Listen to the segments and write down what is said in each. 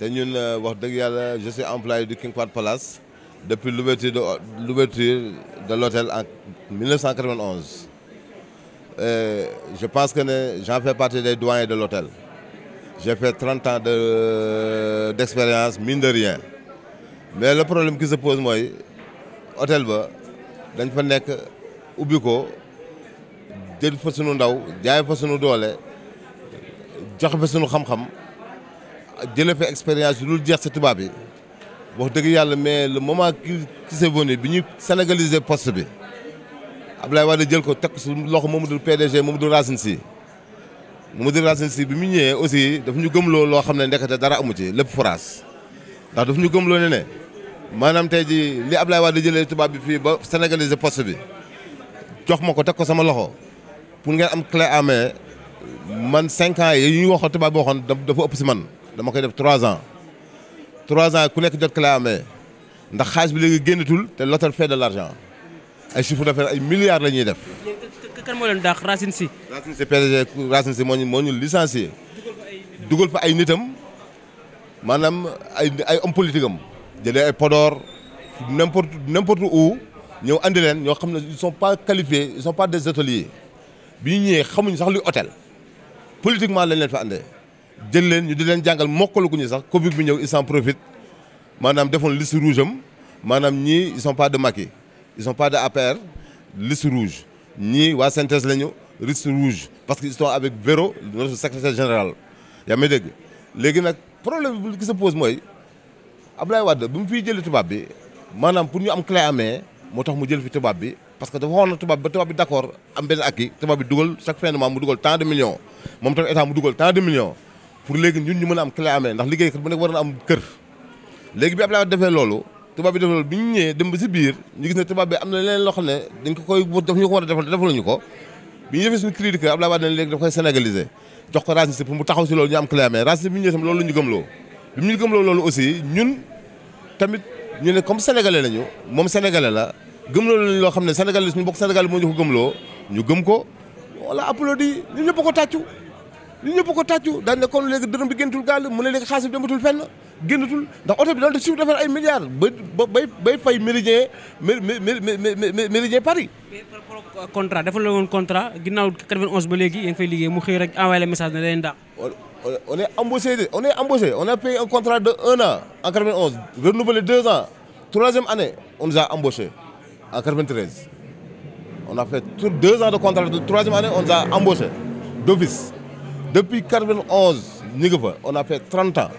te ñun euh, wax dëgg yàlla je suis employé du King Fahd Palace depuis l'ouverture de l'ouverture de l'hôtel en 1991 Et euh, je pense que ne j'en fais partie des doyens de l'hôtel j'ai fait 30 ans de euh, d'expérience mine de rien mais le problème qui se pose mooy hôtel ba dañ fa nekk ubbi ko jël fa sunu ndaw jaay fa sunu doole jox fa sunu xam-xam jëlee fa expérience lu jeex si tubaab yi wax dëgg yàlla mais le moment qui qui bi ñuy sénégaliser poste bi Abdoulaye Wade jël ko teg su loxo Mamadou PDG Mamadou Racine Sy Mamadou Racine Sy bi mu ñëwee aussi daf ñu gëmloo loo xam ne ndekete dara amu ci lépp forage ndax daf ñu gëmloo ne ne maanaam tey ji li Abdoulaye Wade jëlee tubaab bi fii ba sénégaliser poste bi jox ma ko teg ko sama loxo pour nga am clé à main man cinq ans yi ñuy waxoon tubaab bi waxoon dafa ëpp si man dama koy def trois ans trois ans ku nekk jot clamé ndax xaalis bi léegi génnatul te l'hôtel fait de l'argent ay chiffre d'affaires ay milliards la ñuy def. kan moo leen daax Racine si Racine Sy moo ñu moo ñu licencié dugal fa ay nitam maanaam ay ay homme politique am jëlee ay Podor n'importe n'importe où ñëw andi leen ñoo xam ne ils sont pas qualifiés ils sont pas des hôteliers bi ñu ñëwee xamuñ sax luy hôtel politiquement lañ leen fa andee. jël leen ñu di leen jàngal mokkalu ko ñu sax Covid bi ñëw ils s'en profitent maanaam defoon liste rouge am maanaam ñii ils sont pas de Macky ils sont pas de APR liste rouge ñii waa synthèse la ñu liste rouge parce que ils sont avec Véro notre secrétaire général yaa may dégg léegi nag problème bi qui se pose mooy Ablaye Wade bi mu fiy jëlee tubaab bi maanaam pour ñu am clé à main moo tax mu jël fi tubaab bi parce que dafa waxoon na tubaab ba tubaab bi d'accord am benn akki tubaab bi dugal chaque fin de de millions pour léegi ñun ñu mën a am clé en main ndax bu nekk war na am kër léegi bi Abdoulaye Wade defee loolu tubaab bi def loolu bi ñu ñëwee dem ba si biir ñu gis ne tubaab bi am na leneen loo xam ne dañ ko koy daf ñu ko war a defal defaluñu ko bi ñu defee suñu crédit que Abdoulaye Wade ne léegi daf koy sénégaliser jox ko Racine Sy pour mu taxaw si loolu ñu am clé en main Racine Sy bi ñu ñëwee tam loolu ñu gëmloo ñu gëmloo loolu aussi ñun tamit ñu ne comme sénégalais lañu moom sénégalais la gëmloo lañ loo xam ne sénégalais suñu bokk sénégalais moo ñu ko gëmloo ñu gëm ko wala applaudi ñu ñëpp ko tàccu li ñëpp ko tàccu daan ne kon léegi dërëm bi génnatul gaal mu ne léegi xaalis bi dematul fenn génnatul ndax oto bi doon def chiffre d'affaires ay milliards bay bay fay méridien Paris. mais par contrat dafa la woon contrat ginnaaw 91 ba léegi yaa ngi fay liggéey mu xëy rek envoyé le message ne da leen dàq. on est embauché on est embauché a payé un contrat de un an en 91 renouvelé deux ans troisième année on a embauché en 93 on a de contrat de troisième année on d'office depuis 91 ñu ngi fa on a fait 30 ans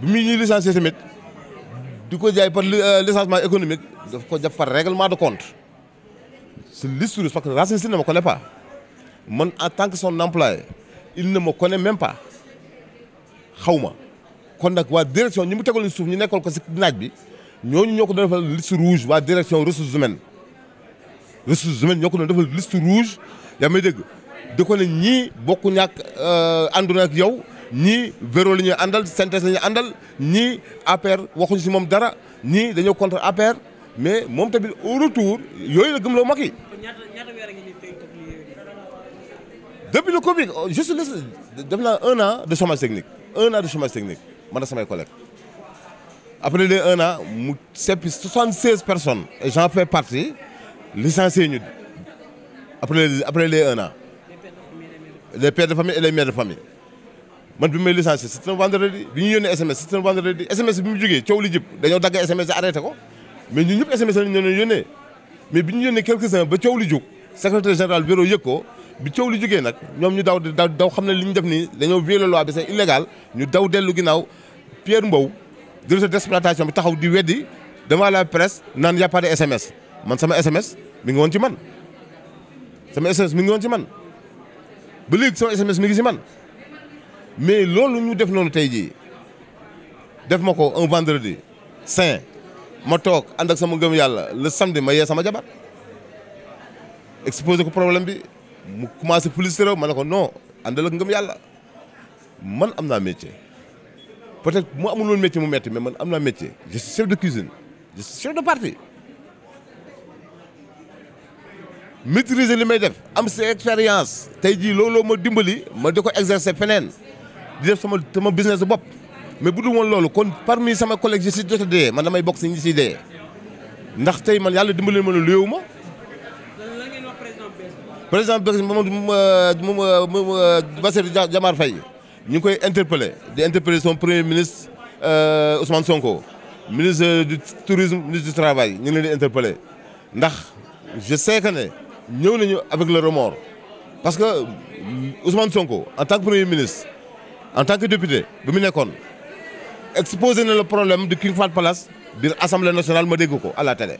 bi muy ñuy licencié tamit di ko jaay par euh, licenciement économique daf ko jàpp par règlement de contre c'est l'histoire parce que Racine Sy ne me connaît pas man en tant que son employé il ne ma connaît même pas xaw ma kon nag waa direction ñi mu tegal ñu suuf ñu nekkal ko si naaj bi ñooñu ñoo ko doon defal liste rouge waa direction ressources humaines ressources humaines ñoo ko doon defal liste rouge yaa may dégg di ko ne ñii bokku ñàkk euh, ànduna ak yow ñii véro la ñuy àndal synthèse la àndal ñii APR waxuñu si moom dara ñii dañoo contre APR mais moom tamit au retour yooyu la gëm loo mag yi depuis le Covid oh, juste le def naa un de chômage technique un an de chômage technique man a samay collègues après les un an mu seppi 76 personnes et j'en fais partie licencié après les après les pères de famille et les de famille man bi may licencié ñu yónnee SMS c'est un vendredi SMS bi mu jógee coow li jëpp dañoo dagg SMS arrêté ko mais ñun ñëpp SMS lañ leen yónnee mais bi ñu yónnee quelques-uns ba coow li jóg secrétaire général ko bi coow li nag ñoom ñu daw daw daw xam ne li ñu def nii dañoo violer loi bi c'est illégal ñu daw dellu ginnaaw Pierre Mbow directeur d'exploitation bi taxaw di weddi devant la presse naan y a pas de SMS man sama SMS mi ngi woon ci man sama SMS mi ngi woon ci man ba léegi sama SMS mi ngi si man mais loolu ñu def noonu tey jii def ma ko un vendredi saint ma toog ànd ak sama ngëm yàlla le samedi ma yee sama jabar exposé ko problème bi mu commencé publicité ma ne ko non àndal ak ngëm yàlla man am naa métier peut-être mu amu woon métier mu metti mais man am naa métier je suis chef de cuisine je suis chef de parti maîtriser li may def am si expérience tey jii looloo ma dimbali ma di ko exercer feneen di def sama sama business bopp mais bu dul loolu kon parmi sama collègues yi si jot a dee man damay bokk si ñi si dee ndax tey man yàlla dimbali ma ne léewu ma. président Bessy ma moom moom Bassirou Diomaye Faye ñu ngi koy interpellé di interpellé son premier ministre euh, Ousmane Sonko ministre du tourisme ministre du travail ñu ngi leen di interpellé ndax je sais que ne. ñëw nañu avec le remords parce que euh, Ousmane Sonko en tant que ministre en tant que député bu mu nekkoon exposé na le problème di King Fahd Palace biir assemblée nationale ma dégg ko à la télé.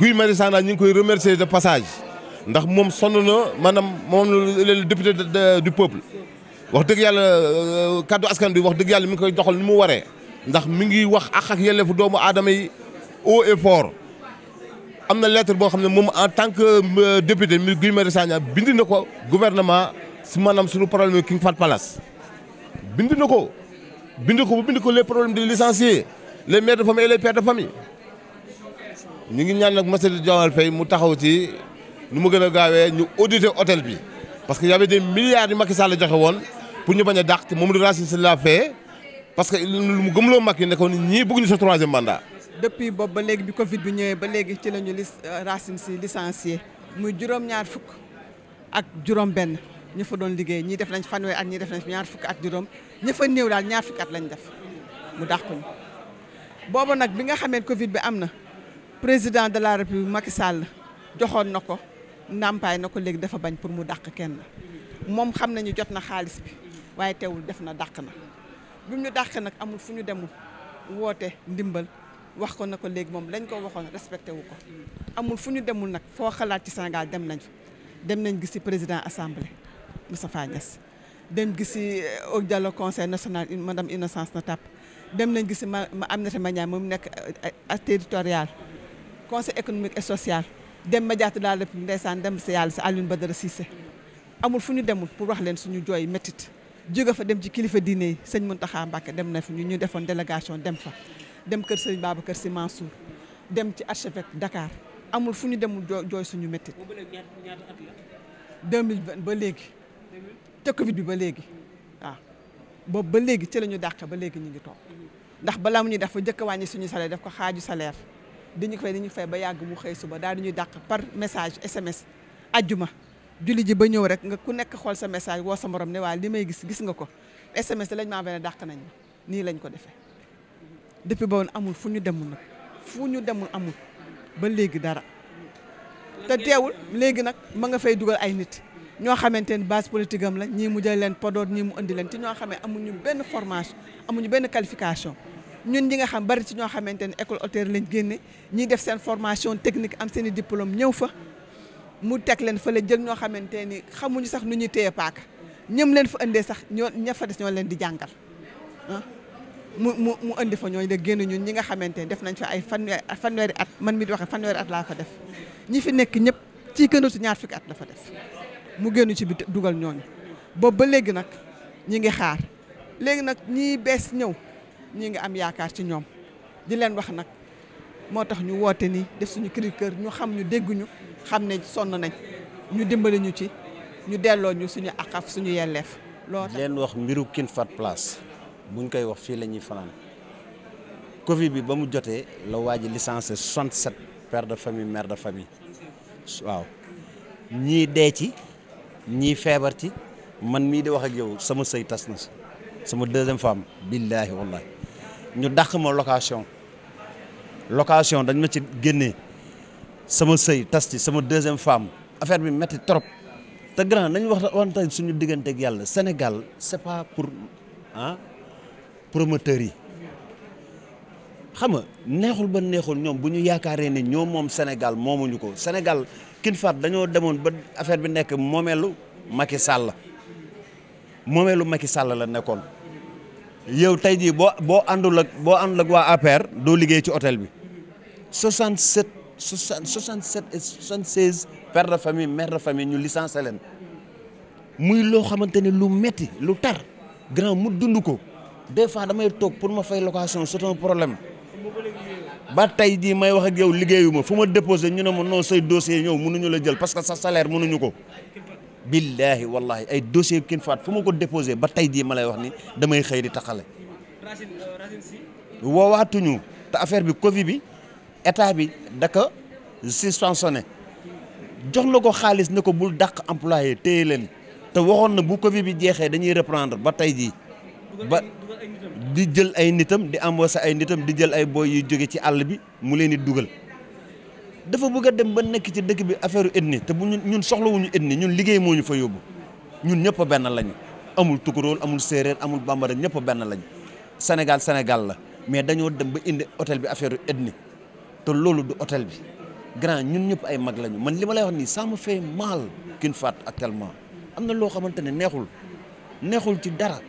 Guy Marius Sagna ñu ngi koy remercier de passage ndax moom sonn na maanaam moom le député du peuple wax dëgg yàlla euh, kàddu askan bi wax dëgg yàlla mi ngi koy doxal mu waree ndax mi ngi wax ak ak yelleefu doomu aadama yi haut et fort. am na lettre boo xam ne moom en tant que euh, député Guy Marius Sagna bind na ko gouvernement si maanaam suñu problème King Fahd Palace bind na ko bind ko bu bindi ko les problèmes des licenciés les mères de famille et les pères de famille ngi ñaan nag monsieur Diomaye Faye mu taxaw ci nu mu gën a gaawee ñu auditer otel bi parce que y avait des milliards yu Macky Sall la joxe woon pour ñu bañ a te moom du Racine Sy l'a fait parce que lu mu gëmloo Macky ne ko ñii bëgg ñu troisième mandat depuis boobu ba léegi bi Covid bi ñëwee ba léegi ci la ñu lis euh, Racine Sy licencié muy juróom-ñaar fukk ak juróom-benn ñu fa doon liggéey ñii def nañ fanweeri ak ñii def nañ ñaar fukk at juróom ñi fa néew daal ñaar fukk def mu dàq ñu. boobu nag bi nga xamee Covid bi am na président de la république Macky Sall joxoon na ko ndàmpaay na ko léegi dafa bañ pour mu dàq kenn moom xam nañu jot na xaalis bi waaye teewul def na dàq na mu ñu dàq nag amul fu ñu demul woote ndimbal. wax ko na ko léegi moom lañ ko waxoon respecté wu ko amul fu ñu demul nag foo xalaat ci Sénégal dem nañ dem nañ gis ci président assemblée Moustapha Niasse dem gis ci au euh, dialogue conseil national madame Innocence Ntap dem nañ gis ci ma Aminata Madiaye moom nekk euh, euh, territorial conseil économique et sociale dem médiateur de la République ndeysaan dem ci yàlla ci ba Badara Cissé amul fu ñu demul pour wax leen suñu jooy métit jóge fa dem ci kilifa diine yi sëñ Mountakha Mbacké dem na fi ñu ñu defoon délégation dem fa dem kër Serigne kër Sy Mansour dem ci archevêque dakaar amul fu ñu demul jooy suñu méttit 2020 ba léegi te Covid bi ba léegi waaw boobu ba léegi ci la ñu dàq ba léegi ñu ngi toog ndax balaa mu ñuy def fa njëkk a wàññi suñu salaire daf ko xaaju salaire dañu fay dañu fay ba yàgg mu xëy suba daal dañuy dàq par message SMS ajjuma julli ji ba ñëw rek nga ku nekk xool sa message woo sa morom ne waa li may gis gis nga ko SMS lañ maa benn dàq nañ ma nii lañ ko defee depuis ba woon amul fu ñu demul nag fu ñu demul amul ba léegi dara te teewul léegi nag ma nga fay dugal ay nit ñoo xamante ne base politique am la ñii mu leen podoot ñii mu indi leen ci ñoo xamee amuñu benn formation amuñu benn qualification ñun ñi nga xam bari ci ñoo xamante ne école hôtelière lañ génne ñiy def seen formation technique am seen i diplôme ñëw fa mu teg leen fa la jël ñoo xamante ni xamuñu sax nu ñuy téye paaka ñëm leen fu indee sax ñoo leen di jàngal ah. mu mu mu indi fa ñooñu de génn ñun ñi nga xamante ne def nañ fa ay fanweeri fanweeri at man mi di waxee fanweeri at laa fa def ñi fi nekk ñëpp ci këndal si ñaar fukki at dafa fa def mu génn ci bi dugal ñooñu boobu ba léegi nag ñi ngi xaar léegi nag ñi bees ñëw ñi ngi am yaakaar ci ñoom di leen wax nag moo tax ñu woote nii def suñu cri kër ñu xam ñu dégguñu xam ne sonn nañ ñu dimbali ñu ci ñu delloo ñu suñu aqaf suñu yelleef loolu leen wax mbiru King Fahd Palace buñ koy wax fii la ñuy fanaan Covid bi ba mu jotee la waa ji licencié 67 père de famille mère de famille waaw ñii dee ci ñii feebar ci man mii di wax ak yow sama sëy tas na sama deuxième femme billaahi wallaahi ñu dàq ma location location dañ ma ci génnee sama sëy tas ci sama deuxième femme affaire bi metti trop te grand nañ wax waxante suñu diggante ak yàlla Sénégal c'est pas pour promoteur yi xam nga neexul ba neexul ñoom bu ñu yaakaaree ne ñoom moom senegal moomuñu ko senegal kin faat dañoo demoon ba affaire bi nekk moomeelu Macky Sall moomeelu Macky Sall la nekkoon yow tey jii boo boo àndul ak boo àndul waa APR doo liggéey ci hôtel bi 67 67 et 76 père de famille mère de famille ñu licencié leen muy loo xamante ne lu metti lu tar grand mu dund ko. des fois damay toog pour ma fay location c'est un problème ba tey jii may wax ak yow liggéeyu fu ma déposé ñu ne ma non say dossier ñëw mënuñu la jël parce que sa salaire mënuñu ko billaahi wallahi ay dossier kin faat fu ma ko déposé ba tey jii ma lay wax ni damay xëy di taxale woowaatuñu te affaire bi Covid bi état bi daka suspensionné jox na ko xaalis ne ko bul dàq employé téye leen te waxoon na bu Covid bi jeexee dañuy reprendre ba tey jii ba di jël ay nitam di am embauché ay nitam di jël ay boy yu jóge ci àll bi mu leen di dugal dafa bëgg a dem ba nekk ci dëkk bi affaire ethnie te bu ñun ñun soxlawuñu ethnie ñun liggéey moo ñu fa yóbbu ñun ñëpp benn lañu amul tukurool amul séeréer amul bambara ñëpp benn lañu Sénégal Sénégal la mais dañoo dem ba indi otel bi affaire ethnie te loolu du otel bi grand ñun ñëpp ay mag lañu man li ma lay wax nii ça me fait mal qu'une faat actuellement am na loo xamante ne neexul neexul ci dara.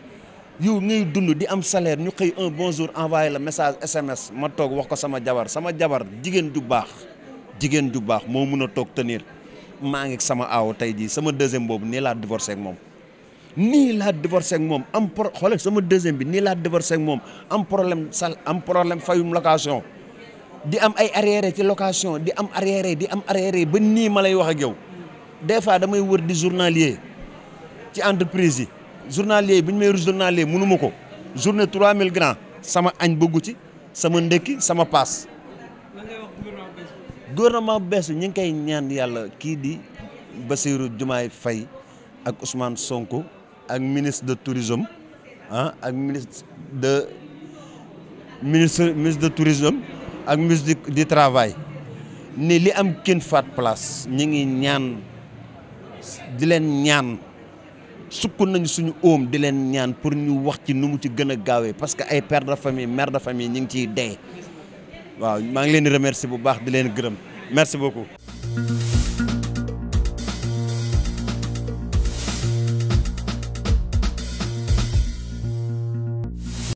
yow ngay dund di am salaire ñu xëy un bon jour envoyé la message SMS ma toog wax ko sama jabar sama jabar jigéen ju baax jigéen ju baax moo mun a toog tenir maa ngi sama aaw tey jii sama deuxième boobu nii laa divorcé ak moom. nii laa divorcé moom am pro xoolal sama deuxième bi nii laa divorcé moom am problème sal am problème fayum location di am ay arriéré ci location di am arriéré di am arriéré ba nii ma lay wax ak yow des fois damay wër di journalier ci entreprise yi. journalier bi ñu may journalier mënu ma ko journée 3000 grands sama añ bëggu ci sama ndekki sama paas. gouvernement bu bees bi ñu ngi koy ñaan yàlla kii di Bassirou Diomaye Faye ak Ousmane Sonko ak ministre de tourisme ah ak ministre de ministre ministre de tourisme ak ministre du travail ni li am kin faat place ñu ngi ñaan di leen ñaan. sukk nañu suñu oom di leen ñaan pour ñu wax ci nu mu ci gën a gaawee parce que ay père de famille mère de famille ñu nga ciy dee waaw maa ngi leen di remercier bu baax di leen gërëm merci beaucoup.